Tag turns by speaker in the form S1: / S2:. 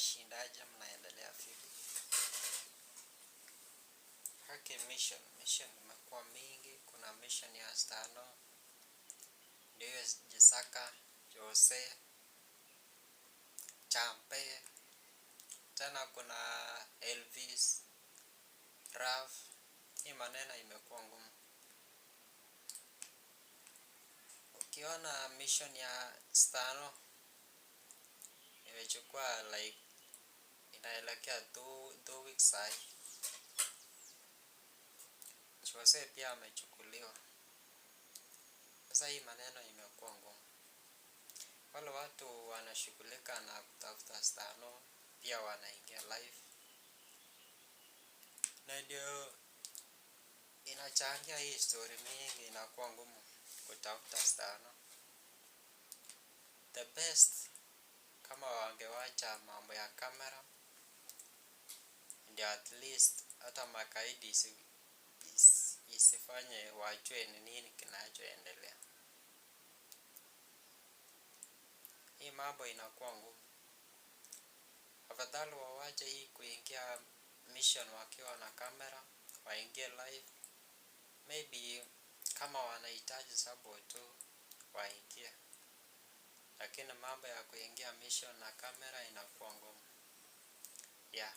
S1: mnashindaje? Mnaendelea vipi? Haki mission mission imekuwa mingi. Kuna mission ya Stano ndiyo Jisaka Jose Champe, tena kuna Elvis Raf. Hii maneno imekuwa ngumu. Ukiona mission ya Stano imechukua like inaelekea two, two weeks sai. Jose pia amechukuliwa. Sasa hii maneno imekuwa ngumu. Wale watu wanashughulika na kutafuta stano pia wanaingia live, na ndio inachangia hii story mingi inakuwa ngumu kutafuta stano. The best kama wangewacha mambo ya kamera ndio at least hata makaidi isi, isi, isifanye wajue ni nini kinachoendelea. Hii mambo inakuwa ngumu, afadhali wawache hii kuingia mission wakiwa na kamera, waingie live, maybe kama wanahitaji sabo tu waingie, lakini mambo ya kuingia mission na kamera inakuwa ngumu yeah.